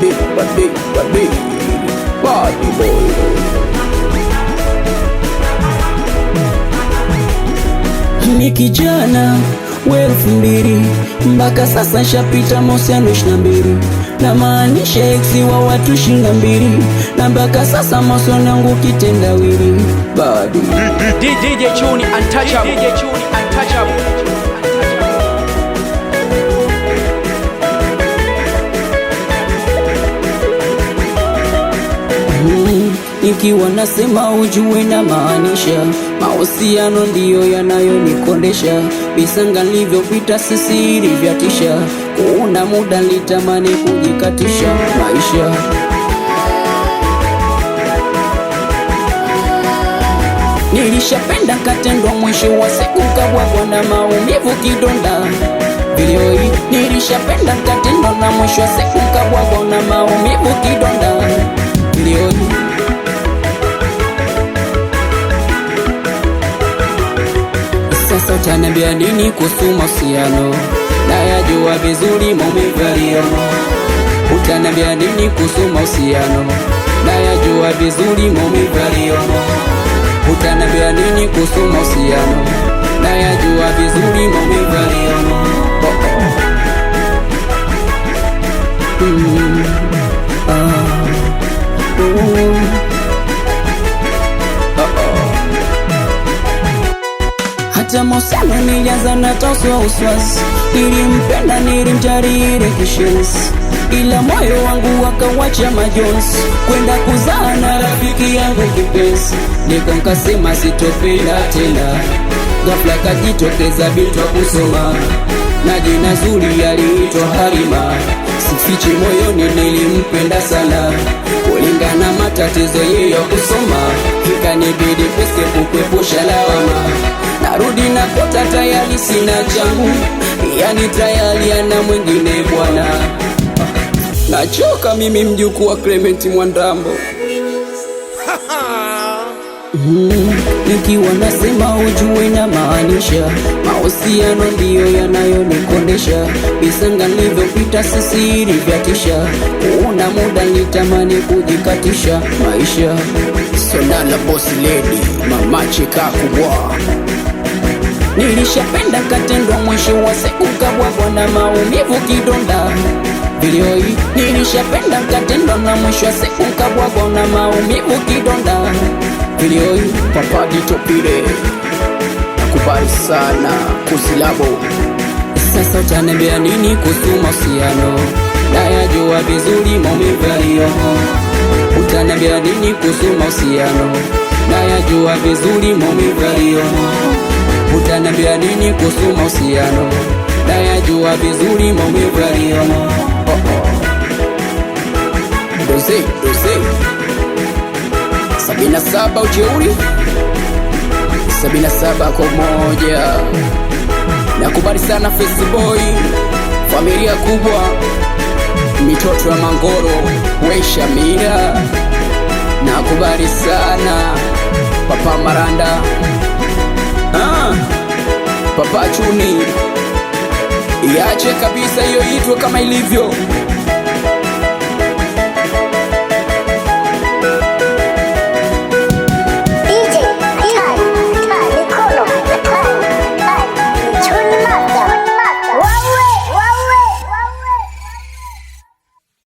big, but big, but big, party boy. Ni kijana we elfu mbili mpaka sasa nshapita mahusiano ishirini na mbili na maanisha eksi wa watu ishirini na mbili na mpaka sasa mahusiano yangu kitendawili bado. DJ Chuni untouchable nikiwa nasema ujue na maanisha, mahusiano ndiyo yanayonikondesha. Visanga livyopita sisi ilivyatisha, kuna muda litamani kujikatisha maisha Nilishapenda katendwa, mwisho wa siku kabwagwa na maumivu kidonda vilio hii. Nilishapenda katendwa, na mwisho wa siku kabwagwa na maumivu kidonda vilio hii. Utaniambia nini kuhusu mahusiano? Nayajua vizuri maumivu yaliyomo. Utaniambia nini kuhusu mahusiano? Nayajua vizuri maumivu yaliyomo. Utaniambia nini kuhusu mahusiano? Nayajua vizuri maumivu yaliyomo. tamu sana, nilianza na toso uswasi, nilimpenda nilimjari ile ila moyo wangu wakawacha majonzi, kwenda kuzaa na rafiki yangu kipesi nikankasema sitopenda tena. Ghafla kajitokeza bitwa kusoma na jina zuri aliitwa harima sifichi moyoni nilimpenda sana tatizo hiyo kusoma, ikanibidi pese kuepusha lawama. Narudi na kota tayari sina changu, yani tayari ana mwingine bwana. Nachoka mimi mjuku wa Clement Mwandambo. Mm, nikiwa nasema ujue na maanisha mahusiano ndiyo yanayonikodesha Bisanga nilivyopita sisi ilivyatisha, una muda nitamani kujikatisha maisha. Sonala boss lady mama chika kubwa nilishapenda katendwa, mwisho wa siku kabwagwa na maumivu kidonda vilioi. Nilishapenda katendwa na mwisho wa siku kabwagwa na maumivu kidonda vilioi. Papadi topire nakubali sana kuzilabo sasa chanembea nini kuhusu mahusiano? Nayajua vizuri maumivu yaliyomo. Utanembea nini kuhusu mahusiano? Nayajua vizuri maumivu yaliyomo. Utanembea nini kuhusu mahusiano? Nayajua vizuri maumivu yaliyomo. Oh oh. Doze, doze. Sabini saba ujeuri. sabina saba kwa moja. Nakubali sana Fesi Boy, familia kubwa, mitoto ya Mangoro, we Shamira, nakubali sana Papa Maranda, ah, Papa Chuni, iache kabisa hiyo itwe kama ilivyo.